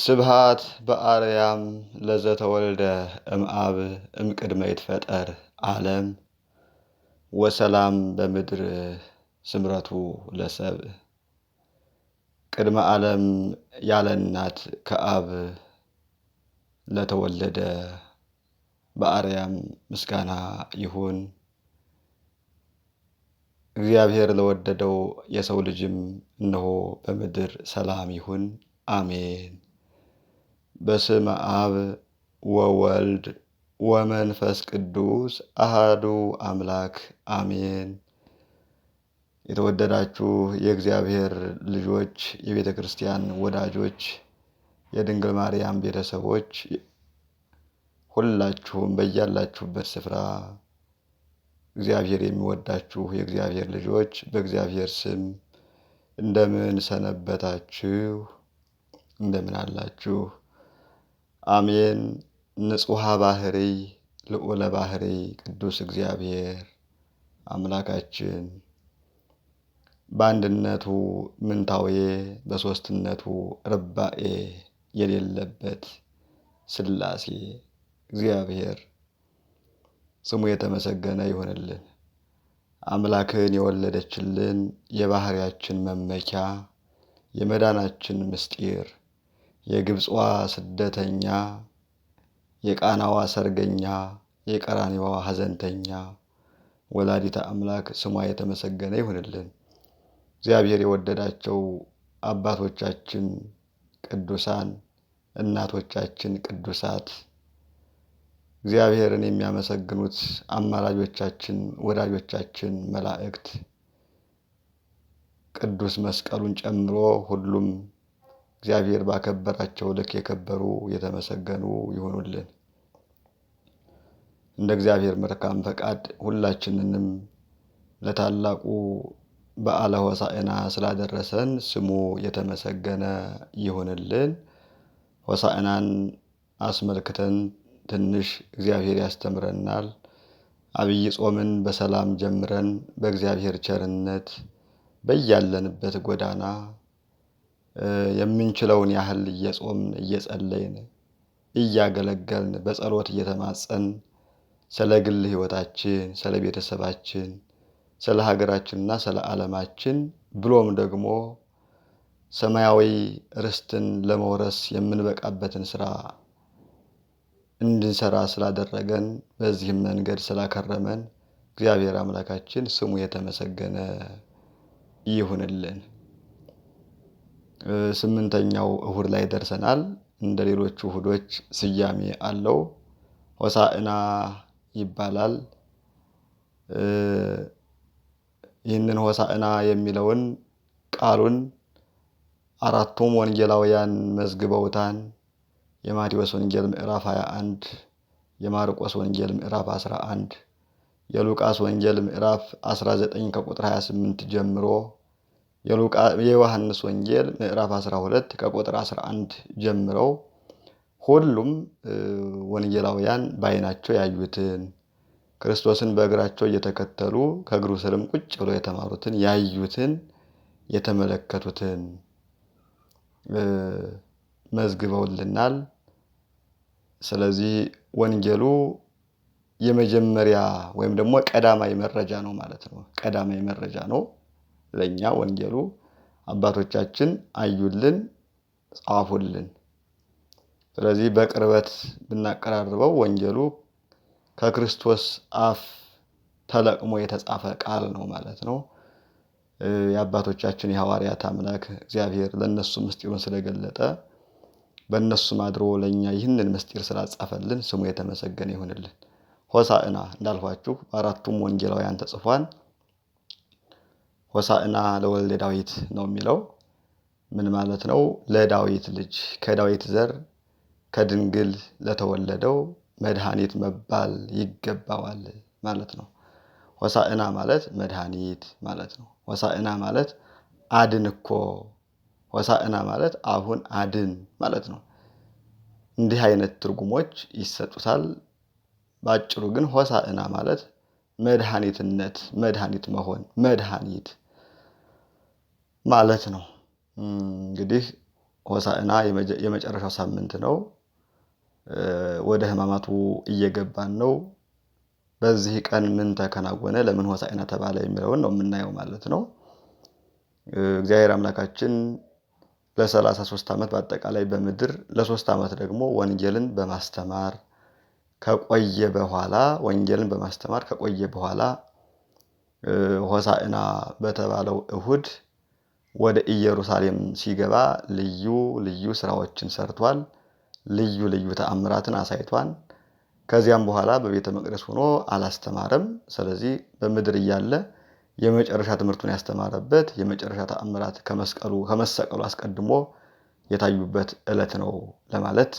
ስብሃት በአርያም ለዘተወልደ እምአብ እምቅድመ ይትፈጠር ዓለም ወሰላም በምድር ስምረቱ ለሰብ ቅድመ ዓለም ያለ እናት ከአብ ለተወለደ በአርያም ምስጋና ይሁን። እግዚአብሔር ለወደደው የሰው ልጅም እነሆ በምድር ሰላም ይሁን። አሜን። በስም አብ ወወልድ ወመንፈስ ቅዱስ አሃዱ አምላክ አሜን። የተወደዳችሁ የእግዚአብሔር ልጆች፣ የቤተ ክርስቲያን ወዳጆች፣ የድንግል ማርያም ቤተሰቦች ሁላችሁም በያላችሁበት ስፍራ እግዚአብሔር የሚወዳችሁ የእግዚአብሔር ልጆች በእግዚአብሔር ስም እንደምን ሰነበታችሁ? እንደምን አላችሁ? አሜን። ንጹሐ ባህርይ ልዑለ ባህርይ ቅዱስ እግዚአብሔር አምላካችን በአንድነቱ ምንታዌ በሦስትነቱ ርባኤ የሌለበት ሥላሴ እግዚአብሔር ስሙ የተመሰገነ ይሆንልን። አምላክን የወለደችልን የባህሪያችን መመኪያ የመዳናችን ምስጢር የግብፅዋ ስደተኛ፣ የቃናዋ ሰርገኛ፣ የቀራኒዋ ሐዘንተኛ ወላዲተ አምላክ ስሟ የተመሰገነ ይሁንልን። እግዚአብሔር የወደዳቸው አባቶቻችን ቅዱሳን፣ እናቶቻችን ቅዱሳት፣ እግዚአብሔርን የሚያመሰግኑት አማላጆቻችን፣ ወዳጆቻችን መላእክት ቅዱስ መስቀሉን ጨምሮ ሁሉም እግዚአብሔር ባከበራቸው ልክ የከበሩ የተመሰገኑ ይሆኑልን። እንደ እግዚአብሔር መልካም ፈቃድ ሁላችንንም ለታላቁ በዓለ ሆሳዕና ስላደረሰን ስሙ የተመሰገነ ይሆንልን። ሆሳዕናን አስመልክተን ትንሽ እግዚአብሔር ያስተምረናል። አብይ ጾምን በሰላም ጀምረን በእግዚአብሔር ቸርነት በያለንበት ጎዳና የምንችለውን ያህል እየጾምን እየጸለይን እያገለገልን በጸሎት እየተማጸን ስለ ግል ህይወታችን፣ ስለ ቤተሰባችን፣ ስለ ሀገራችንና ስለ ዓለማችን ብሎም ደግሞ ሰማያዊ ርስትን ለመውረስ የምንበቃበትን ስራ እንድንሰራ ስላደረገን በዚህም መንገድ ስላከረመን እግዚአብሔር አምላካችን ስሙ የተመሰገነ ይሁንልን። ስምንተኛው እሁድ ላይ ደርሰናል። እንደ ሌሎቹ እሁዶች ስያሜ አለው። ሆሳዕና ይባላል። ይህንን ሆሳዕና የሚለውን ቃሉን አራቱም ወንጌላውያን መዝግበውታን። የማቴዎስ ወንጌል ምዕራፍ 21፣ የማርቆስ ወንጌል ምዕራፍ 11፣ የሉቃስ ወንጌል ምዕራፍ 19 ከቁጥር 28 ጀምሮ የዮሐንስ ወንጌል ምዕራፍ 12 ከቁጥር 11 ጀምረው ሁሉም ወንጌላውያን በዓይናቸው ያዩትን ክርስቶስን በእግራቸው እየተከተሉ ከእግሩ ስርም ቁጭ ብለው የተማሩትን ያዩትን የተመለከቱትን መዝግበውልናል። ስለዚህ ወንጌሉ የመጀመሪያ ወይም ደግሞ ቀዳማዊ መረጃ ነው ማለት ነው። ቀዳማዊ መረጃ ነው። ለእኛ ወንጌሉ አባቶቻችን አዩልን፣ ጻፉልን። ስለዚህ በቅርበት ብናቀራርበው ወንጌሉ ከክርስቶስ አፍ ተለቅሞ የተጻፈ ቃል ነው ማለት ነው። የአባቶቻችን የሐዋርያት አምላክ እግዚአብሔር ለእነሱ ምስጢሩን ስለገለጠ በእነሱም አድሮ ለእኛ ይህንን ምስጢር ስላጻፈልን ስሙ የተመሰገነ ይሁንልን። ሆሳዕና እንዳልኋችሁ በአራቱም ወንጌላውያን ተጽፏል። ሆሳዕና ለወልደ ዳዊት ነው የሚለው ምን ማለት ነው? ለዳዊት ልጅ ከዳዊት ዘር ከድንግል ለተወለደው መድኃኒት መባል ይገባዋል ማለት ነው። ሆሳዕና ማለት መድኃኒት ማለት ነው። ሆሳዕና ማለት አድን እኮ ሆሳዕና ማለት አሁን አድን ማለት ነው። እንዲህ አይነት ትርጉሞች ይሰጡታል። በአጭሩ ግን ሆሳዕና ማለት መድኃኒትነት፣ መድኃኒት መሆን፣ መድኃኒት ማለት ነው። እንግዲህ ሆሳዕና የመጨረሻው ሳምንት ነው። ወደ ህማማቱ እየገባን ነው። በዚህ ቀን ምን ተከናወነ፣ ለምን ሆሳዕና ተባለ የሚለውን ነው የምናየው ማለት ነው። እግዚአብሔር አምላካችን ለሰላሳ ሦስት ዓመት በአጠቃላይ በምድር ለሶስት ዓመት ደግሞ ወንጌልን በማስተማር ከቆየ በኋላ ወንጌልን በማስተማር ከቆየ በኋላ ሆሳዕና በተባለው እሁድ ወደ ኢየሩሳሌም ሲገባ ልዩ ልዩ ስራዎችን ሰርቷል። ልዩ ልዩ ተአምራትን አሳይቷል። ከዚያም በኋላ በቤተ መቅደስ ሆኖ አላስተማረም። ስለዚህ በምድር እያለ የመጨረሻ ትምህርቱን ያስተማረበት የመጨረሻ ተአምራት ከመስቀሉ ከመሰቀሉ አስቀድሞ የታዩበት ዕለት ነው ለማለት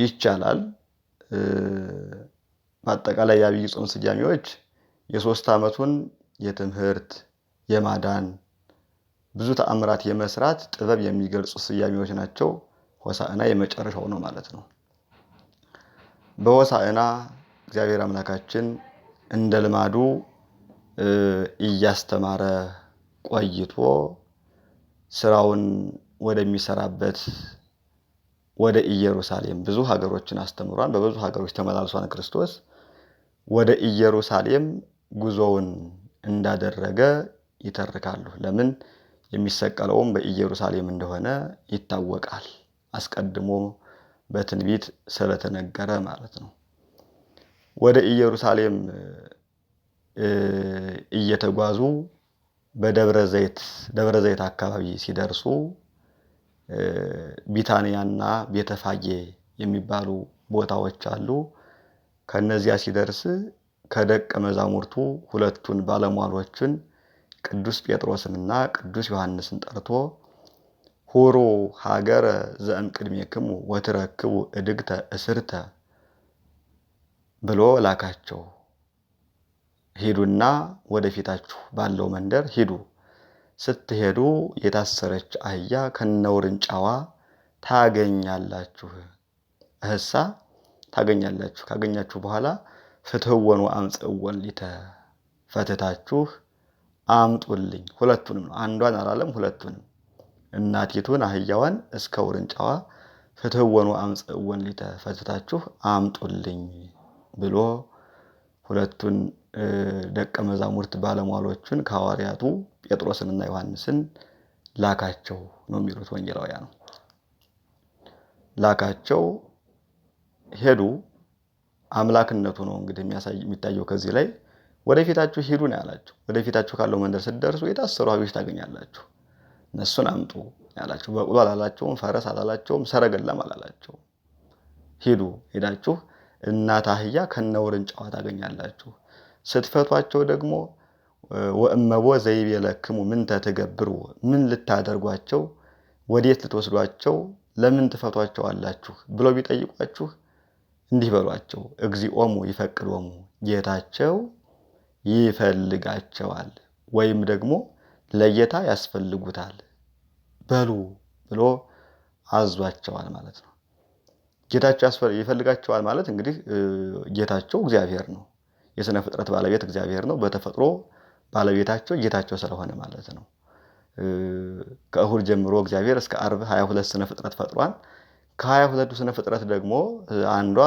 ይቻላል። በአጠቃላይ የአብይ ጾም ስያሜዎች የሶስት ዓመቱን የትምህርት የማዳን ብዙ ተአምራት የመስራት ጥበብ የሚገልጹ ስያሜዎች ናቸው። ሆሳዕና የመጨረሻው ነው ማለት ነው። በሆሳዕና እግዚአብሔር አምላካችን እንደ ልማዱ እያስተማረ ቆይቶ ስራውን ወደሚሰራበት ወደ ኢየሩሳሌም ብዙ ሀገሮችን አስተምሯል። በብዙ ሀገሮች ተመላልሷን ክርስቶስ ወደ ኢየሩሳሌም ጉዞውን እንዳደረገ ይተርካሉ። ለምን የሚሰቀለውም በኢየሩሳሌም እንደሆነ ይታወቃል። አስቀድሞ በትንቢት ስለተነገረ ማለት ነው። ወደ ኢየሩሳሌም እየተጓዙ በደብረ ዘይት ደብረ ዘይት አካባቢ ሲደርሱ ቢታንያና ቤተፋጌ የሚባሉ ቦታዎች አሉ። ከነዚያ ሲደርስ ከደቀ መዛሙርቱ ሁለቱን ባለሟሎችን ቅዱስ ጴጥሮስንና ቅዱስ ዮሐንስን ጠርቶ ሁሩ ሀገረ ዘእምቅድሜክሙ ወትረክቡ እድግተ እስርተ ብሎ ላካቸው። ሂዱና ወደፊታችሁ ባለው መንደር ሂዱ። ስትሄዱ የታሰረች አህያ ከነውርንጫዋ ታገኛላችሁ። እህሳ ታገኛላችሁ። ካገኛችሁ በኋላ ፍትህወኑ አምጽእወን ሊተ ፈትታችሁ አምጡልኝ ሁለቱንም ነው። አንዷን አላለም፣ ሁለቱንም እናቲቱን አህያዋን እስከ ውርንጫዋ ፍትህወኑ አምፀወን ሊተፈትታችሁ አምጡልኝ ብሎ ሁለቱን ደቀ መዛሙርት ባለሟሎቹን ከሐዋርያቱ ጴጥሮስንና ዮሐንስን ላካቸው ነው የሚሉት ወንጌላውያ ነው። ላካቸው ሄዱ። አምላክነቱ ነው እንግዲህ የሚታየው ከዚህ ላይ ወደፊታችሁ ሂዱ ነው ያላቸው። ወደፊታችሁ ካለው መንደር ስትደርሱ የታሰሩ ሀቢሾች ታገኛላችሁ፣ እነሱን አምጡ ያላቸው። በቅሎ አላላቸውም፣ ፈረስ አላላቸውም፣ ሰረገላም አላላቸውም። ሂዱ ሄዳችሁ እናት አህያ ከነውርንጫዋ ታገኛላችሁ። ስትፈቷቸው ደግሞ ወእመቦ ዘይቤለክሙ ምን ትገብሩ፣ ምን ልታደርጓቸው፣ ወዴት ልትወስዷቸው፣ ለምን ትፈቷቸው አላችሁ ብለው ቢጠይቋችሁ እንዲህ በሏቸው፣ እግዚኦሙ ይፈቅዶሙ ጌታቸው ይፈልጋቸዋል ወይም ደግሞ ለጌታ ያስፈልጉታል በሉ ብሎ አዟቸዋል ማለት ነው። ጌታቸው ይፈልጋቸዋል ማለት እንግዲህ ጌታቸው እግዚአብሔር ነው። የሥነ ፍጥረት ባለቤት እግዚአብሔር ነው። በተፈጥሮ ባለቤታቸው ጌታቸው ስለሆነ ማለት ነው። ከእሁድ ጀምሮ እግዚአብሔር እስከ ዓርብ ሀያ ሁለት ሥነ ፍጥረት ፈጥሯል። ከሀያ ሁለቱ ሥነ ፍጥረት ደግሞ አንዷ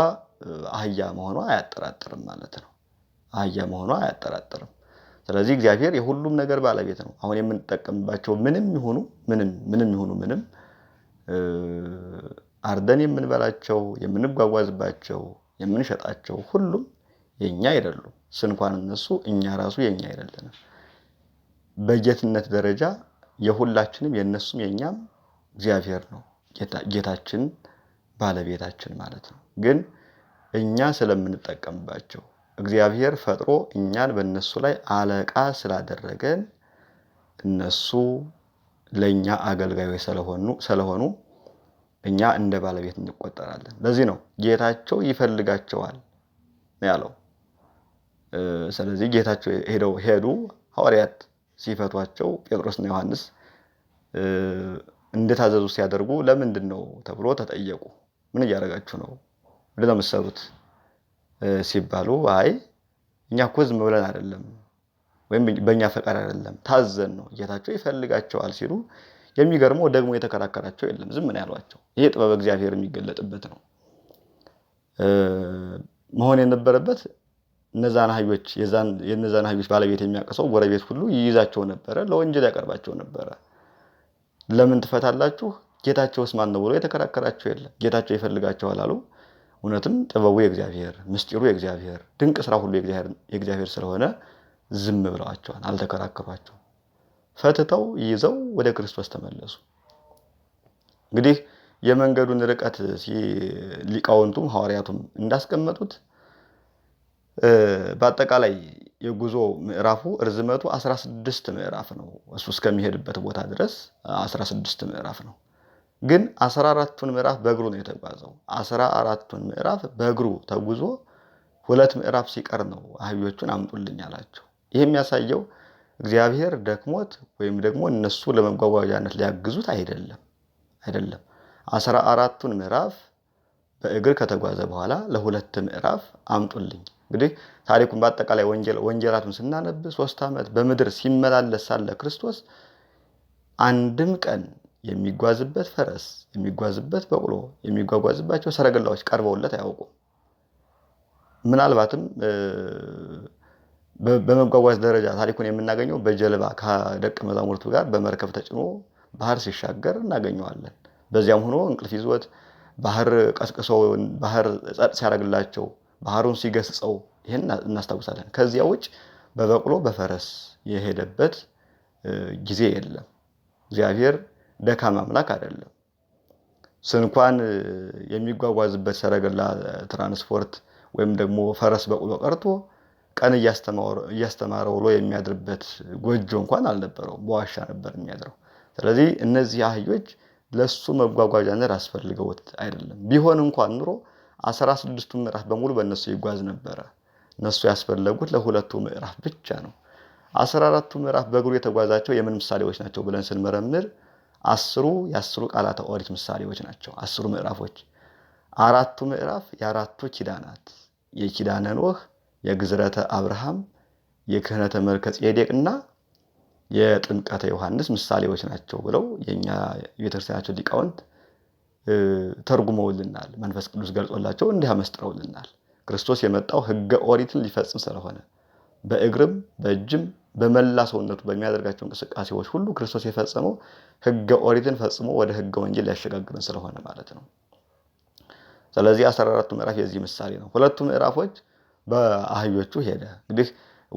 አህያ መሆኗ አያጠራጥርም ማለት ነው። አህያ መሆኗ አያጠራጥርም። ስለዚህ እግዚአብሔር የሁሉም ነገር ባለቤት ነው። አሁን የምንጠቀምባቸው ምንም ይሆኑ ምንም ምንም ይሆኑ ምንም አርደን የምንበላቸው፣ የምንጓጓዝባቸው፣ የምንሸጣቸው ሁሉም የኛ አይደሉም። ስንኳን እነሱ እኛ ራሱ የኛ አይደለንም። በጌትነት ደረጃ የሁላችንም የእነሱም የእኛም እግዚአብሔር ነው። ጌታችን ባለቤታችን ማለት ነው። ግን እኛ ስለምንጠቀምባቸው እግዚአብሔር ፈጥሮ እኛን በእነሱ ላይ አለቃ ስላደረገን እነሱ ለእኛ አገልጋዮች ስለሆኑ እኛ እንደ ባለቤት እንቆጠራለን። ለዚህ ነው ጌታቸው ይፈልጋቸዋል ያለው። ስለዚህ ጌታቸው ሄደው ሄዱ ሐዋርያት ሲፈቷቸው ጴጥሮስና ዮሐንስ እንደታዘዙ ሲያደርጉ ለምንድን ነው ተብሎ ተጠየቁ። ምን እያደረጋችሁ ነው? ለምትሰሩት ሲባሉ አይ እኛ እኮ ዝም ብለን አይደለም ወይም በእኛ ፈቃድ አይደለም ታዘን ነው ጌታቸው ይፈልጋቸዋል ሲሉ የሚገርመው ደግሞ የተከራከራቸው የለም ዝም ነው ያሏቸው። ይሄ ጥበብ እግዚአብሔር የሚገለጥበት ነው። መሆን የነበረበት እነዛን አህዮች የነዛን አህዮች ባለቤት የሚያቀሰው ጎረቤት ሁሉ ይይዛቸው ነበረ፣ ለወንጀል ያቀርባቸው ነበረ። ለምን ትፈታላችሁ? ጌታቸውስ ማን ነው ብሎ የተከራከራቸው የለም። ጌታቸው ይፈልጋቸዋል አሉ። እውነትም ጥበቡ የእግዚአብሔር ምስጢሩ የእግዚአብሔር ድንቅ ስራ ሁሉ የእግዚአብሔር ስለሆነ ዝም ብለዋቸዋል፣ አልተከራከሯቸው ፈትተው ይዘው ወደ ክርስቶስ ተመለሱ። እንግዲህ የመንገዱን ርቀት ሊቃውንቱም ሐዋርያቱም እንዳስቀመጡት በአጠቃላይ የጉዞ ምዕራፉ እርዝመቱ 16 ምዕራፍ ነው። እሱ እስከሚሄድበት ቦታ ድረስ 16 ምዕራፍ ነው። ግን አስራ አራቱን ምዕራፍ በእግሩ ነው የተጓዘው። አስራ አራቱን ምዕራፍ በእግሩ ተጉዞ ሁለት ምዕራፍ ሲቀር ነው አህዮቹን አምጡልኝ አላቸው። ይህ የሚያሳየው እግዚአብሔር ደክሞት ወይም ደግሞ እነሱ ለመጓጓዣነት ሊያግዙት አይደለም አይደለም። አስራ አራቱን ምዕራፍ በእግር ከተጓዘ በኋላ ለሁለት ምዕራፍ አምጡልኝ። እንግዲህ ታሪኩን በአጠቃላይ ወንጌላቱን ስናነብ ሶስት ዓመት በምድር ሲመላለስ ሳለ ክርስቶስ አንድም ቀን የሚጓዝበት ፈረስ፣ የሚጓዝበት በቅሎ፣ የሚጓጓዝባቸው ሰረገላዎች ቀርበውለት አያውቁም። ምናልባትም በመጓጓዝ ደረጃ ታሪኩን የምናገኘው በጀልባ ከደቀ መዛሙርቱ ጋር በመርከብ ተጭኖ ባህር ሲሻገር እናገኘዋለን። በዚያም ሆኖ እንቅልፍ ይዞት ባህር ቀስቅሰው ባህር ጸጥ ሲያደርግላቸው ባህሩን ሲገስጸው ይህን እናስታውሳለን። ከዚያ ውጭ በበቅሎ በፈረስ የሄደበት ጊዜ የለም። እግዚአብሔር ደካማ አምላክ አይደለም። ስንኳን የሚጓጓዝበት ሰረገላ ትራንስፖርት ወይም ደግሞ ፈረስ በቁሎ ቀርቶ ቀን እያስተማረ ውሎ የሚያድርበት ጎጆ እንኳን አልነበረው በዋሻ ነበር የሚያድረው። ስለዚህ እነዚህ አህዮች ለሱ መጓጓዣነት አስፈልገውት አይደለም። ቢሆን እንኳን ኑሮ አስራ ስድስቱ ምዕራፍ በሙሉ በእነሱ ይጓዝ ነበረ። እነሱ ያስፈለጉት ለሁለቱ ምዕራፍ ብቻ ነው። አስራ አራቱ ምዕራፍ በእግሩ የተጓዛቸው የምን ምሳሌዎች ናቸው ብለን ስንመረምር አስሩ የአስሩ ቃላተ ኦሪት ምሳሌዎች ናቸው። አስሩ ምዕራፎች፣ አራቱ ምዕራፍ የአራቱ ኪዳናት የኪዳነ ኖህ፣ የግዝረተ አብርሃም፣ የክህነተ መልከ እና የጥምቀተ ዮሐንስ ምሳሌዎች ናቸው ብለው የእኛ ቤተክርስቲያናቸው ሊቃውንት ተርጉመውልናል። መንፈስ ቅዱስ ገልጾላቸው እንዲህ አመስጥረውልናል። ክርስቶስ የመጣው ሕገ ኦሪትን ሊፈጽም ስለሆነ በእግርም በእጅም በመላ ሰውነቱ በሚያደርጋቸው እንቅስቃሴዎች ሁሉ ክርስቶስ የፈጸመው ህገ ኦሪትን ፈጽሞ ወደ ህገ ወንጌል ሊያሸጋግርን ስለሆነ ማለት ነው። ስለዚህ አስራ አራቱ ምዕራፍ የዚህ ምሳሌ ነው። ሁለቱ ምዕራፎች በአህዮቹ ሄደ። እንግዲህ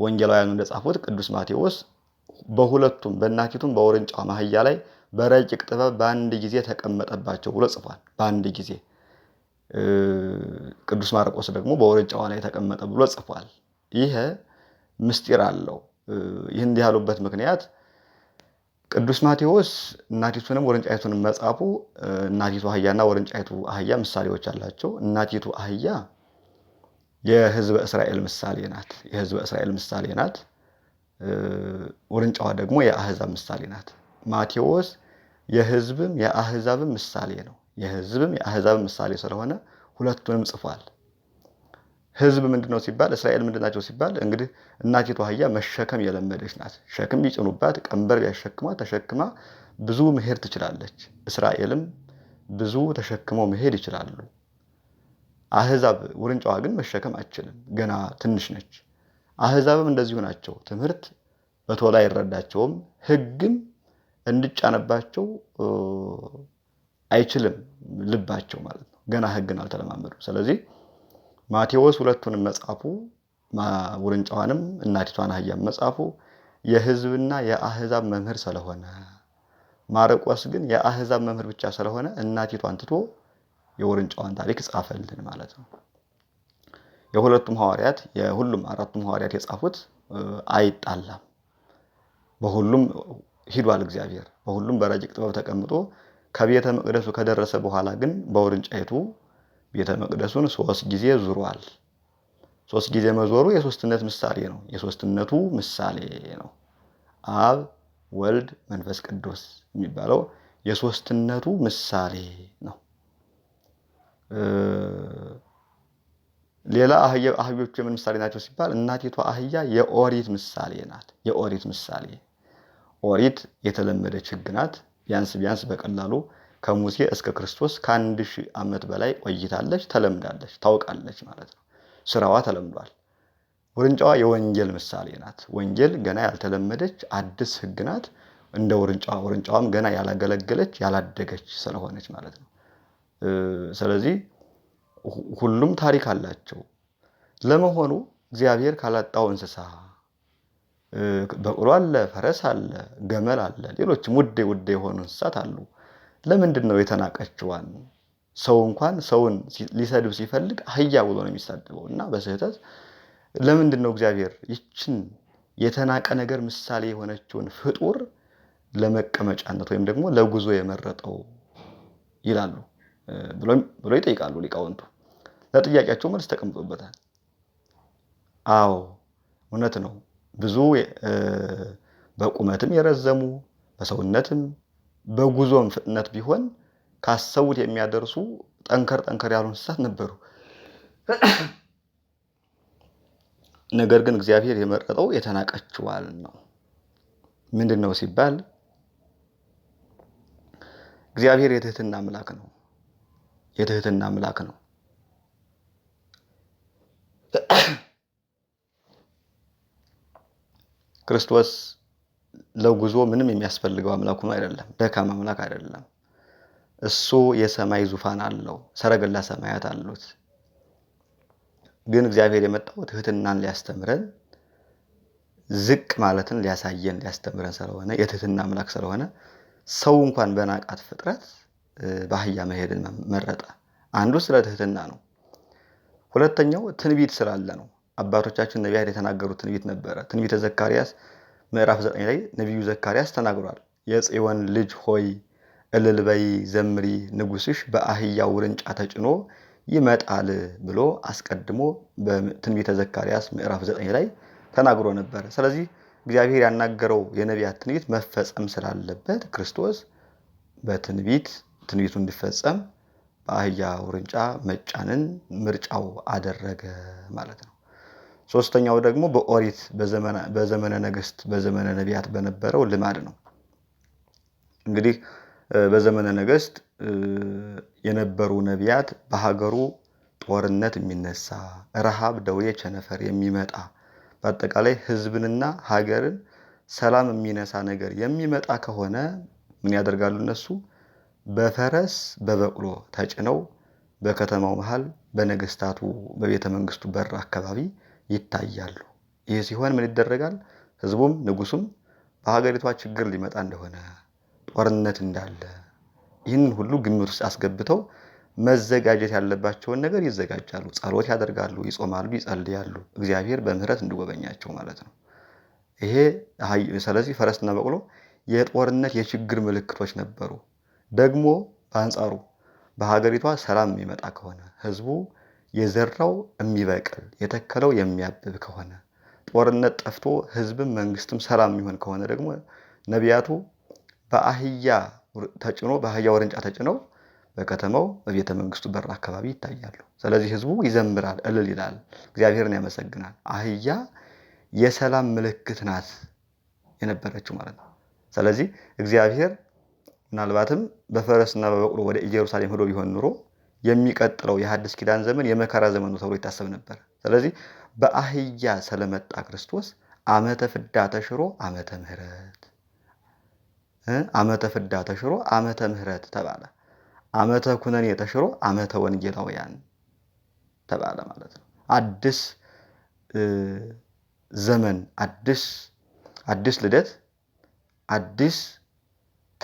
ወንጌላውያኑ እንደጻፉት ቅዱስ ማቴዎስ በሁለቱም በእናቲቱም በውርንጫዋ አህያ ላይ በረቂቅ ጥበብ በአንድ ጊዜ ተቀመጠባቸው ብሎ ጽፏል። በአንድ ጊዜ ቅዱስ ማርቆስ ደግሞ በውርንጫዋ ላይ ተቀመጠ ብሎ ጽፏል። ይሄ ምስጢር አለው። ይህን ያሉበት ምክንያት ቅዱስ ማቴዎስ እናቲቱንም ወርንጫይቱንም መጻፉ እናቲቱ አህያና ወርንጫይቱ አህያ ምሳሌዎች አላቸው። እናቲቱ አህያ የሕዝበ እስራኤል ምሳሌ ናት። የሕዝበ እስራኤል ምሳሌ ናት። ውርንጫዋ ደግሞ የአህዛብ ምሳሌ ናት። ማቴዎስ የሕዝብም የአህዛብም ምሳሌ ነው። የሕዝብም የአህዛብም ምሳሌ ስለሆነ ሁለቱንም ጽፏል። ህዝብ ምንድን ነው ሲባል እስራኤል ምንድን ናቸው ሲባል እንግዲህ እናቲቱ አህያ መሸከም የለመደች ናት። ሸክም ቢጭኑባት ቀንበር ቢያሸክሟት ተሸክማ ብዙ መሄድ ትችላለች። እስራኤልም ብዙ ተሸክመው መሄድ ይችላሉ። አህዛብ ውርንጫዋ ግን መሸከም አችልም? ገና ትንሽ ነች። አህዛብም እንደዚሁ ናቸው። ትምህርት በቶሎ አይረዳቸውም፣ ህግም እንድጫነባቸው አይችልም ልባቸው ማለት ነው። ገና ህግን አልተለማመዱ ስለዚህ ማቴዎስ ሁለቱንም መጻፉ ውርንጫዋንም እናቲቷን አህያም መጻፉ የህዝብና የአህዛብ መምህር ስለሆነ፣ ማርቆስ ግን የአህዛብ መምህር ብቻ ስለሆነ እናቲቷን ትቶ የውርንጫዋን ታሪክ ጻፈልን ማለት ነው። የሁለቱም ሐዋርያት የሁሉም አራቱም ሐዋርያት የጻፉት አይጣላም። በሁሉም ሂዷል እግዚአብሔር በሁሉም በረጅቅ ጥበብ ተቀምጦ ከቤተ መቅደሱ ከደረሰ በኋላ ግን በውርንጫይቱ ቤተ መቅደሱን ሶስት ጊዜ ዙሯል። ሶስት ጊዜ መዞሩ የሶስትነት ምሳሌ ነው። የሶስትነቱ ምሳሌ ነው። አብ ወልድ መንፈስ ቅዱስ የሚባለው የሶስትነቱ ምሳሌ ነው። ሌላ አህዮቹ የምን ምሳሌ ናቸው ሲባል እናቲቷ አህያ የኦሪት ምሳሌ ናት። የኦሪት ምሳሌ ኦሪት የተለመደች ሕግ ናት። ቢያንስ ቢያንስ በቀላሉ ከሙሴ እስከ ክርስቶስ ከአንድ ሺህ ዓመት በላይ ቆይታለች፣ ተለምዳለች፣ ታውቃለች ማለት ነው። ስራዋ ተለምዷል። ውርንጫዋ የወንጌል ምሳሌ ናት። ወንጌል ገና ያልተለመደች አዲስ ሕግ ናት እንደ ውርንጫዋ። ውርንጫዋም ገና ያላገለገለች ያላደገች ስለሆነች ማለት ነው። ስለዚህ ሁሉም ታሪክ አላቸው። ለመሆኑ እግዚአብሔር ካላጣው እንስሳ በቅሎ አለ፣ ፈረስ አለ፣ ገመል አለ፣ ሌሎችም ውዴ ውዴ የሆኑ እንስሳት አሉ። ለምንድን ነው የተናቀችዋን? ሰው እንኳን ሰውን ሊሰድብ ሲፈልግ አህያ ብሎ ነው የሚሳደበው። እና በስህተት ለምንድን ነው እግዚአብሔር ይችን የተናቀ ነገር ምሳሌ የሆነችውን ፍጡር ለመቀመጫነት ወይም ደግሞ ለጉዞ የመረጠው ይላሉ ብሎ ይጠይቃሉ ሊቃውንቱ። ለጥያቄያቸው መልስ ተቀምጦበታል። አዎ እውነት ነው። ብዙ በቁመትም የረዘሙ በሰውነትም በጉዞም ፍጥነት ቢሆን ካሰቡት የሚያደርሱ ጠንከር ጠንከር ያሉ እንስሳት ነበሩ። ነገር ግን እግዚአብሔር የመረጠው የተናቀችዋል ነው። ምንድን ነው ሲባል እግዚአብሔር የትህትና አምላክ ነው። የትህትና አምላክ ነው። ክርስቶስ ለጉዞ ምንም የሚያስፈልገው አምላኩም አይደለም፣ ደካማ አምላክ አይደለም። እሱ የሰማይ ዙፋን አለው፣ ሰረገላ ሰማያት አሉት። ግን እግዚአብሔር የመጣው ትህትናን ሊያስተምረን ዝቅ ማለትን ሊያሳየን ሊያስተምረን ስለሆነ የትህትና አምላክ ስለሆነ ሰው እንኳን በናቃት ፍጥረት በአህያ መሄድን መረጠ። አንዱ ስለ ትህትና ነው። ሁለተኛው ትንቢት ስላለ ነው። አባቶቻችን ነቢያት የተናገሩት ትንቢት ነበረ። ትንቢተ ዘካርያስ ምዕራፍ 9 ላይ ነቢዩ ዘካርያስ ተናግሯል። የጽዮን ልጅ ሆይ እልል በይ ዘምሪ፣ ንጉስሽ በአህያ ውርንጫ ተጭኖ ይመጣል ብሎ አስቀድሞ በትንቢተ ዘካርያስ ምዕራፍ 9 ላይ ተናግሮ ነበር። ስለዚህ እግዚአብሔር ያናገረው የነቢያት ትንቢት መፈጸም ስላለበት ክርስቶስ በትንቢት ትንቢቱ እንዲፈጸም በአህያ ውርንጫ መጫንን ምርጫው አደረገ ማለት ነው። ሶስተኛው ደግሞ በኦሪት በዘመነ ነገስት በዘመነ ነቢያት በነበረው ልማድ ነው። እንግዲህ በዘመነ ነገስት የነበሩ ነቢያት በሀገሩ ጦርነት የሚነሳ ረሃብ፣ ደዌ፣ ቸነፈር የሚመጣ በአጠቃላይ ህዝብንና ሀገርን ሰላም የሚነሳ ነገር የሚመጣ ከሆነ ምን ያደርጋሉ እነሱ? በፈረስ በበቅሎ ተጭነው በከተማው መሃል በነገስታቱ በቤተ መንግስቱ በር አካባቢ ይታያሉ። ይህ ሲሆን ምን ይደረጋል? ህዝቡም ንጉሱም በሀገሪቷ ችግር ሊመጣ እንደሆነ ጦርነት እንዳለ ይህንን ሁሉ ግምት ውስጥ አስገብተው መዘጋጀት ያለባቸውን ነገር ይዘጋጃሉ። ጸሎት ያደርጋሉ፣ ይጾማሉ፣ ይጸልያሉ። እግዚአብሔር በምህረት እንዲጎበኛቸው ማለት ነው። ይሄ ስለዚህ ፈረስና በቅሎ የጦርነት የችግር ምልክቶች ነበሩ። ደግሞ በአንጻሩ በሀገሪቷ ሰላም የሚመጣ ከሆነ ህዝቡ የዘራው የሚበቅል የተከለው የሚያብብ ከሆነ ጦርነት ጠፍቶ ህዝብም መንግስትም ሰላም የሚሆን ከሆነ ደግሞ ነቢያቱ በአህያ ተጭኖ በአህያ ወረንጫ ተጭነው በከተማው በቤተ መንግስቱ በር አካባቢ ይታያሉ። ስለዚህ ህዝቡ ይዘምራል፣ እልል ይላል፣ እግዚአብሔርን ያመሰግናል። አህያ የሰላም ምልክት ናት የነበረችው ማለት ነው። ስለዚህ እግዚአብሔር ምናልባትም በፈረስና በበቅሎ ወደ ኢየሩሳሌም ሄዶ ቢሆን ኑሮ የሚቀጥለው የሐዲስ ኪዳን ዘመን የመከራ ዘመን ተብሎ ይታሰብ ነበር። ስለዚህ በአህያ ስለመጣ ክርስቶስ ዓመተ ፍዳ ተሽሮ ዓመተ ምሕረት ዓመተ ፍዳ ተሽሮ ዓመተ ምሕረት ተባለ። ዓመተ ኩነኔ ተሽሮ ዓመተ ወንጌላውያን ተባለ ማለት ነው። አዲስ ዘመን፣ አዲስ አዲስ ልደት፣ አዲስ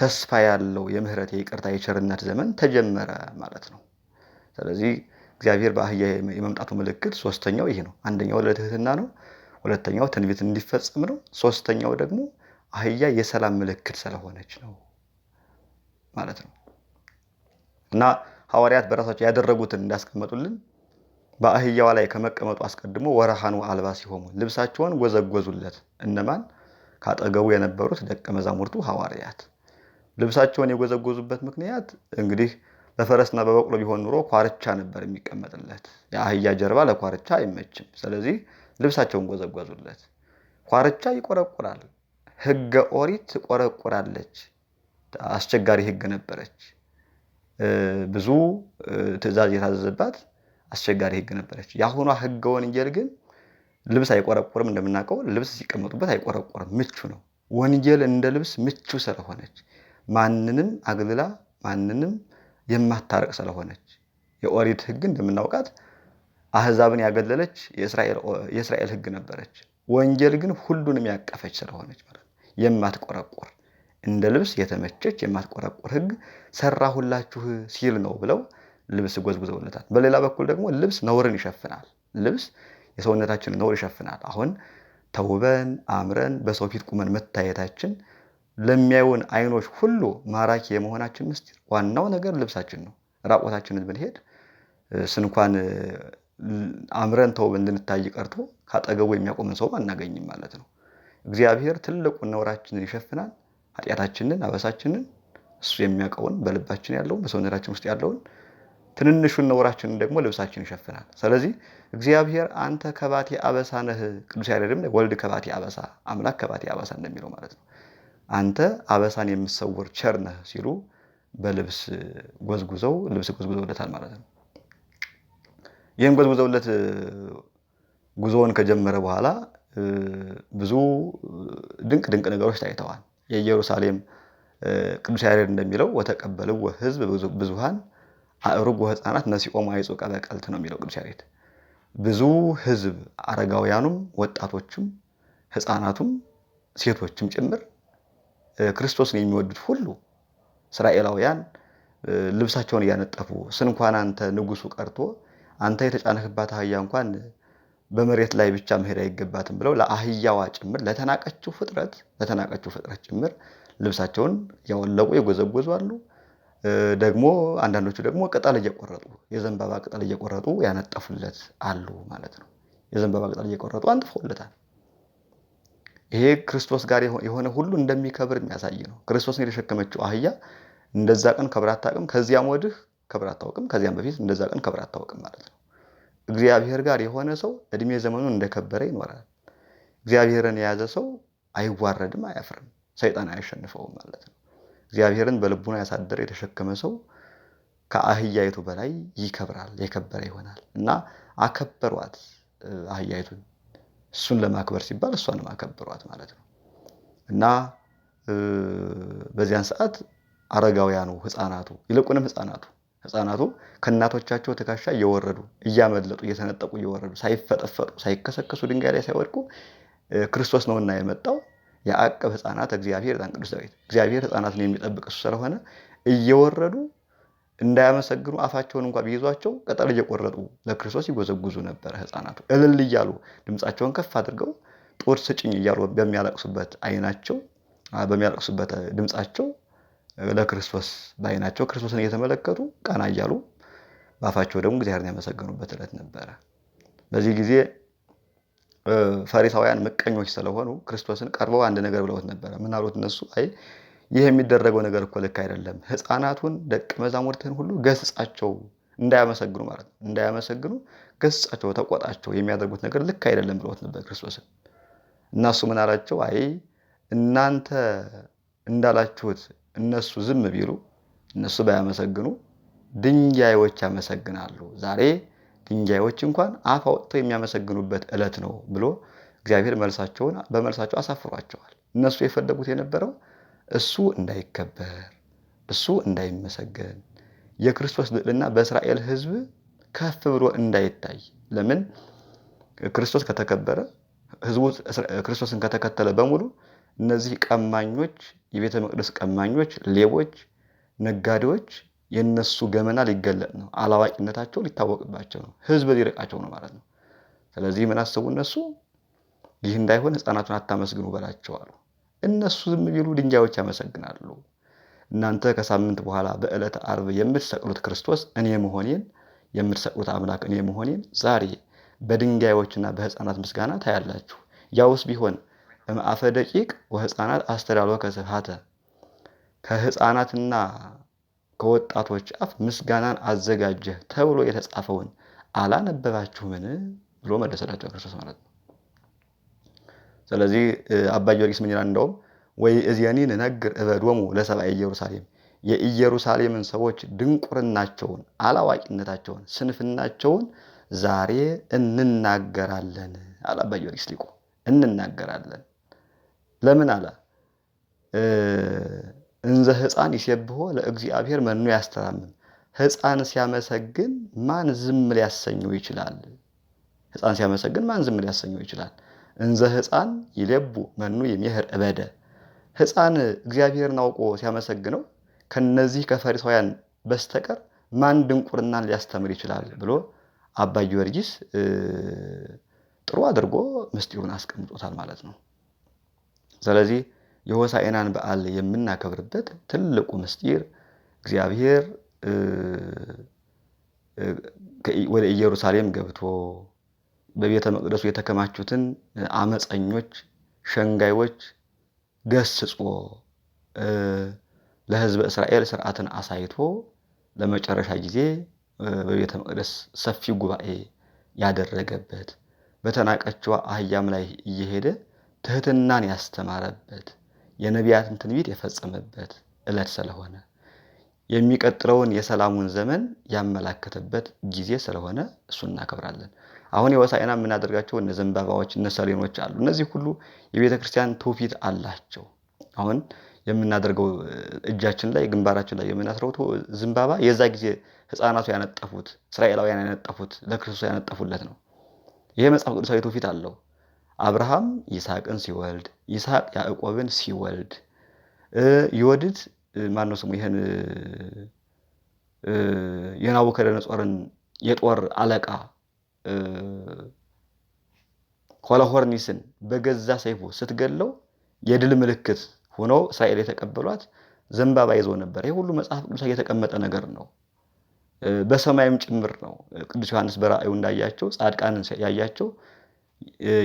ተስፋ ያለው የምህረት የይቅርታ የቸርነት ዘመን ተጀመረ ማለት ነው። ስለዚህ እግዚአብሔር በአህያ የመምጣቱ ምልክት ሶስተኛው ይሄ ነው። አንደኛው ለትህትና ነው። ሁለተኛው ትንቢት እንዲፈጸም ነው። ሶስተኛው ደግሞ አህያ የሰላም ምልክት ስለሆነች ነው ማለት ነው እና ሐዋርያት በራሳቸው ያደረጉትን እንዳስቀመጡልን በአህያዋ ላይ ከመቀመጡ አስቀድሞ ወረሃኑ አልባ ሲሆሙ ልብሳቸውን ጎዘጎዙለት። እነማን? ካጠገቡ የነበሩት ደቀ መዛሙርቱ ሐዋርያት ልብሳቸውን የጎዘጎዙበት ምክንያት እንግዲህ በፈረስና በበቅሎ ቢሆን ኑሮ ኳርቻ ነበር የሚቀመጥለት። የአህያ ጀርባ ለኳርቻ አይመችም። ስለዚህ ልብሳቸውን ጎዘጓዙለት። ኳርቻ ይቆረቁራል። ሕገ ኦሪት ትቆረቁራለች። አስቸጋሪ ሕግ ነበረች። ብዙ ትዕዛዝ የታዘዘባት አስቸጋሪ ሕግ ነበረች። የአሁኗ ሕገ ወንጌል ግን ልብስ አይቆረቁርም። እንደምናውቀው ልብስ ሲቀመጡበት አይቆረቁርም። ምቹ ነው። ወንጌል እንደ ልብስ ምቹ ስለሆነች ማንንም አግልላ ማንንም የማታርቅ ስለሆነች የኦሪት ህግ እንደምናውቃት አህዛብን ያገለለች የእስራኤል ህግ ነበረች። ወንጌል ግን ሁሉንም ያቀፈች ስለሆነች ማለት የማትቆረቆር እንደ ልብስ የተመቸች የማትቆረቆር ሰራ ሰራሁላችሁ ሲል ነው ብለው ልብስ ጎዝጉዘውለታል። በሌላ በኩል ደግሞ ልብስ ነውርን ይሸፍናል። ልብስ የሰውነታችንን ነውር ይሸፍናል። አሁን ተውበን አምረን በሰው ፊት ቁመን መታየታችን ለሚያዩን አይኖች ሁሉ ማራኪ የመሆናችን ምስጢር ዋናው ነገር ልብሳችን ነው። ራቆታችንን ብንሄድ ስንኳን አምረን ተውበን እንድንታይ ቀርቶ ካጠገቡ የሚያቆምን ሰው አናገኝም ማለት ነው። እግዚአብሔር ትልቁን ነውራችንን ይሸፍናል። ኃጢአታችንን፣ አበሳችንን እሱ የሚያውቀውን በልባችን ያለውን በሰውነታችን ውስጥ ያለውን ትንንሹን ነውራችንን ደግሞ ልብሳችን ይሸፍናል። ስለዚህ እግዚአብሔር አንተ ከባቴ አበሳ ነህ። ቅዱስ ያሬድም ወልድ ከባቴ አበሳ፣ አምላክ ከባቴ አበሳ እንደሚለው ማለት ነው። አንተ አበሳን የምትሰውር ቸር ነህ ሲሉ በልብስ ጎዝጉዘው ልብስ ጎዝጉዘውለታል ማለት ነው። ይህም ጎዝጉዘውለት ጉዞውን ከጀመረ በኋላ ብዙ ድንቅ ድንቅ ነገሮች ታይተዋል። የኢየሩሳሌም ቅዱስ ያሬድ እንደሚለው ወተቀበልዎ ህዝብ ብዙሃን አእሩግ ህፃናት ነሲኦም አይጾ ቀበቀልት ነው የሚለው ቅዱስ ያሬድ። ብዙ ህዝብ አረጋውያኑም፣ ወጣቶቹም፣ ህፃናቱም ሴቶችም ጭምር ክርስቶስን የሚወዱት ሁሉ እስራኤላውያን ልብሳቸውን እያነጠፉ ስንኳን አንተ ንጉሱ ቀርቶ አንተ የተጫነህባት አህያ እንኳን በመሬት ላይ ብቻ መሄድ አይገባትም ብለው ለአህያዋ ጭምር ለተናቀችው ፍጥረት ለተናቀችው ፍጥረት ጭምር ልብሳቸውን ያወለቁ የጎዘጎዙ አሉ። ደግሞ አንዳንዶቹ ደግሞ ቅጠል እየቆረጡ የዘንባባ ቅጠል እየቆረጡ ያነጠፉለት አሉ ማለት ነው። የዘንባባ ቅጠል እየቆረጡ አንጥፈውለታል። ይሄ ክርስቶስ ጋር የሆነ ሁሉ እንደሚከብር የሚያሳይ ነው። ክርስቶስን የተሸከመችው አህያ እንደዛ ቀን ከብር አታውቅም፣ ከዚያም ወዲህ ከብር አታውቅም፣ ከዚያም በፊት እንደዛ ቀን ከብር አታውቅም ማለት ነው። እግዚአብሔር ጋር የሆነ ሰው እድሜ ዘመኑን እንደከበረ ይኖራል። እግዚአብሔርን የያዘ ሰው አይዋረድም፣ አያፍርም፣ ሰይጣን አያሸንፈውም ማለት ነው። እግዚአብሔርን በልቡና ያሳደረ የተሸከመ ሰው ከአህያይቱ በላይ ይከብራል፣ የከበረ ይሆናል እና አከበሯት አህያይቱን እሱን ለማክበር ሲባል እሷን ማከብሯት ማለት ነው እና በዚያን ሰዓት አረጋውያኑ ህፃናቱ ይልቁንም ህፃናቱ ህፃናቱ ከእናቶቻቸው ትከሻ እየወረዱ እያመለጡ እየተነጠቁ እየወረዱ ሳይፈጠፈጡ ሳይከሰከሱ ድንጋይ ላይ ሳይወድቁ ክርስቶስ ነውና የመጣው የአቅብ ህፃናት እግዚአብሔር ጣን ቅዱስ ዳዊት እግዚአብሔር ህፃናትን የሚጠብቅ እሱ ስለሆነ እየወረዱ እንዳያመሰግኑ አፋቸውን እንኳ ቢይዟቸው ቅጠል እየቆረጡ ለክርስቶስ ይጎዘጉዙ ነበር። ህፃናቱ እልል እያሉ ድምፃቸውን ከፍ አድርገው ጦር ስጭኝ እያሉ በሚያለቅሱበት አይናቸው በሚያለቅሱበት ድምፃቸው ለክርስቶስ በአይናቸው ክርስቶስን እየተመለከቱ ቀና እያሉ በአፋቸው ደግሞ እግዚአብሔርን ያመሰገኑበት ዕለት ነበረ። በዚህ ጊዜ ፈሪሳውያን ምቀኞች ስለሆኑ ክርስቶስን ቀርበው አንድ ነገር ብለውት ነበረ። ምናሉት እነሱ አይ ይህ የሚደረገው ነገር እኮ ልክ አይደለም። ህፃናቱን ደቀ መዛሙርትህን ሁሉ ገስጻቸው፣ እንዳያመሰግኑ ማለት ነው፣ እንዳያመሰግኑ ገስጻቸው፣ ተቆጣቸው፣ የሚያደርጉት ነገር ልክ አይደለም ብሎት ነበር ክርስቶስን። እናሱ ምን አላቸው? አይ እናንተ እንዳላችሁት እነሱ ዝም ቢሉ እነሱ ባያመሰግኑ ድንጋዮች ያመሰግናሉ። ዛሬ ድንጋዮች እንኳን አፍ አውጥተው የሚያመሰግኑበት ዕለት ነው ብሎ እግዚአብሔር መልሳቸውን በመልሳቸው አሳፍሯቸዋል። እነሱ የፈለጉት የነበረው እሱ እንዳይከበር እሱ እንዳይመሰገን የክርስቶስ ልዕልና በእስራኤል ሕዝብ ከፍ ብሎ እንዳይታይ። ለምን? ክርስቶስ ከተከበረ ሕዝቡ ክርስቶስን ከተከተለ በሙሉ እነዚህ ቀማኞች፣ የቤተ መቅደስ ቀማኞች፣ ሌቦች፣ ነጋዴዎች የነሱ ገመና ሊገለጥ ነው። አላዋቂነታቸው ሊታወቅባቸው ነው። ሕዝብ ሊርቃቸው ነው ማለት ነው። ስለዚህ ምን አሰቡ እነሱ? ይህ እንዳይሆን ሕፃናቱን አታመስግኑ በላቸው አሉ። እነሱ ዝም ቢሉ ድንጋዮች ያመሰግናሉ። እናንተ ከሳምንት በኋላ በዕለተ ዓርብ የምትሰቅሉት ክርስቶስ እኔ መሆኔን የምትሰቅሉት አምላክ እኔ መሆኔን ዛሬ በድንጋዮችና በሕፃናት ምስጋና ታያላችሁ። ያውስ ቢሆን እምአፈ ደቂቅ ወሕፃናት አስተዳሎ ከስብሐተ ከሕፃናትና ከወጣቶች አፍ ምስጋናን አዘጋጀህ ተብሎ የተጻፈውን አላነበባችሁምን ብሎ መለሰላቸው ክርስቶስ ማለት ነው። ስለዚህ አባ ጊዮርጊስ ምን ይላል እንደውም ወይ እዚያኒ ንነግር እበዶሙ ለሰብአ ኢየሩሳሌም የኢየሩሳሌምን ሰዎች ድንቁርናቸውን፣ አላዋቂነታቸውን፣ ስንፍናቸውን ዛሬ እንናገራለን አለ አባ ጊዮርጊስ ሊቁ። እንናገራለን ለምን አለ እንዘ ህፃን ይሴብሖ ለእግዚአብሔር መኑ ያስተራምም። ህፃን ሲያመሰግን ማን ዝም ሊያሰኘው ይችላል? ህፃን ሲያመሰግን ማን ዝም ሊያሰኘው ይችላል? እንዘ ህፃን ይሌቡ መኑ የሚህር እበደ ህፃን እግዚአብሔርን አውቆ ሲያመሰግነው ከነዚህ ከፈሪሳውያን በስተቀር ማን ድንቁርናን ሊያስተምር ይችላል ብሎ አባ ጊዮርጊስ ጥሩ አድርጎ ምስጢሩን አስቀምጦታል ማለት ነው። ስለዚህ የሆሳዕናን በዓል የምናከብርበት ትልቁ ምስጢር እግዚአብሔር ወደ ኢየሩሳሌም ገብቶ በቤተ መቅደሱ የተከማቹትን አመፀኞች፣ ሸንጋዮች ገስጾ ለህዝበ እስራኤል ስርዓትን አሳይቶ ለመጨረሻ ጊዜ በቤተ መቅደስ ሰፊ ጉባኤ ያደረገበት በተናቀችዋ አህያም ላይ እየሄደ ትህትናን ያስተማረበት የነቢያትን ትንቢት የፈጸመበት ዕለት ስለሆነ የሚቀጥለውን የሰላሙን ዘመን ያመላከተበት ጊዜ ስለሆነ እሱ እናከብራለን። አሁን የወሳይና የምናደርጋቸው እነ ዘንባባዎች እነ ሰሌኖች አሉ። እነዚህ ሁሉ የቤተ ክርስቲያን ትውፊት አላቸው። አሁን የምናደርገው እጃችን ላይ ግንባራችን ላይ የምናስረው ዘንባባ የዛ ጊዜ ህፃናቱ ያነጠፉት እስራኤላውያን ያነጠፉት ለክርስቶስ ያነጠፉለት ነው። ይሄ መጽሐፍ ቅዱሳዊ ትውፊት አለው። አብርሃም ይስሐቅን ሲወልድ ይስሐቅ ያዕቆብን ሲወልድ ይወድድ ማን ነው ስሙ? ይህን የናቡከደነጾርን የጦር አለቃ ሆለሆርኒስን በገዛ ሰይፉ ስትገለው የድል ምልክት ሆኖ እስራኤል የተቀበሏት ዘንባባ ይዘው ነበር። ይህ ሁሉ መጽሐፍ ቅዱስ ላይ የተቀመጠ ነገር ነው። በሰማይም ጭምር ነው። ቅዱስ ዮሐንስ በራእዩ እንዳያቸው ጻድቃንን ያያቸው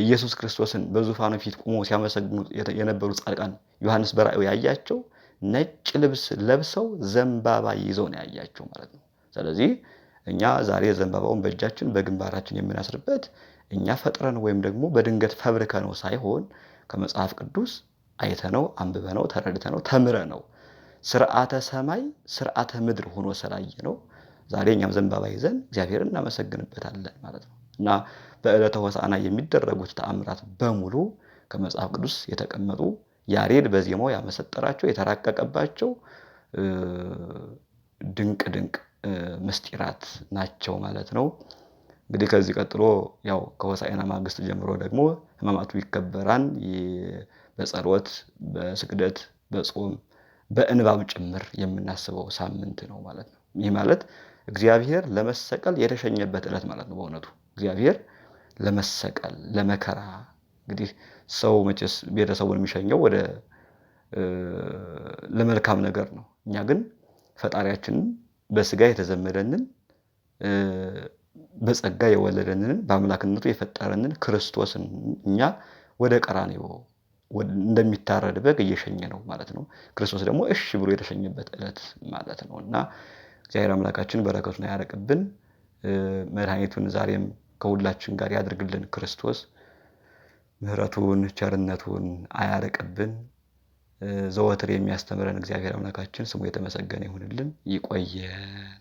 ኢየሱስ ክርስቶስን በዙፋኑ ፊት ቁሞ ሲያመሰግኑ የነበሩ ጻድቃን ዮሐንስ በራእዩ ያያቸው ነጭ ልብስ ለብሰው ዘንባባ ይዘው ነው ያያቸው ማለት ነው። ስለዚህ እኛ ዛሬ ዘንባባውን በእጃችን በግንባራችን የምናስርበት እኛ ፈጥረን ወይም ደግሞ በድንገት ፈብርከነው ሳይሆን ከመጽሐፍ ቅዱስ አይተነው አንብበነው ተረድተነው ተምረነው ስርዓተ ሰማይ ስርዓተ ምድር ሆኖ ስላየ ነው። ዛሬ እኛም ዘንባባ ይዘን እግዚአብሔር እናመሰግንበታለን ማለት ነው እና በዕለተ ሆሳዕና የሚደረጉት ተአምራት በሙሉ ከመጽሐፍ ቅዱስ የተቀመጡ ያሬድ በዜማው ያመሰጠራቸው የተራቀቀባቸው ድንቅ ድንቅ ምስጢራት ናቸው ማለት ነው። እንግዲህ ከዚህ ቀጥሎ ያው ከሆሳዕና ማግስት ጀምሮ ደግሞ ሕማማቱ ይከበራል። በጸሎት በስግደት በጾም በእንባብ ጭምር የምናስበው ሳምንት ነው ማለት ነው። ይህ ማለት እግዚአብሔር ለመሰቀል የተሸኘበት ዕለት ማለት ነው። በእውነቱ እግዚአብሔር ለመሰቀል ለመከራ እንግዲህ ሰው መቼስ ቤተሰቡን የሚሸኘው ወደ ለመልካም ነገር ነው። እኛ ግን ፈጣሪያችንን በስጋ የተዘመደንን በጸጋ የወለደንን በአምላክነቱ የፈጠረንን ክርስቶስን እኛ ወደ ቀራንዮ እንደሚታረድ በግ እየሸኘ ነው ማለት ነው። ክርስቶስ ደግሞ እሺ ብሎ የተሸኘበት ዕለት ማለት ነው እና እግዚአብሔር አምላካችን በረከቱን ያረቅብን መድኃኒቱን ዛሬም ከሁላችን ጋር ያድርግልን። ክርስቶስ ምሕረቱን ቸርነቱን አያረቅብን ዘወትር የሚያስተምረን እግዚአብሔር አምላካችን ስሙ የተመሰገነ ይሁንልን። ይቆየን።